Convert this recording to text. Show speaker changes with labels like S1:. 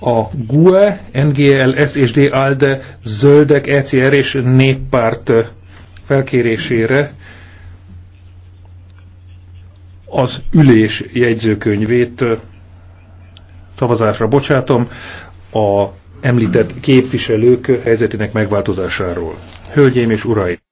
S1: a GUE, NGL, SSD, ALDE, Zöldek, ECR és Néppárt felkérésére az ülés jegyzőkönyvét szavazásra bocsátom a említett képviselők helyzetének megváltozásáról. Hölgyeim és uraim!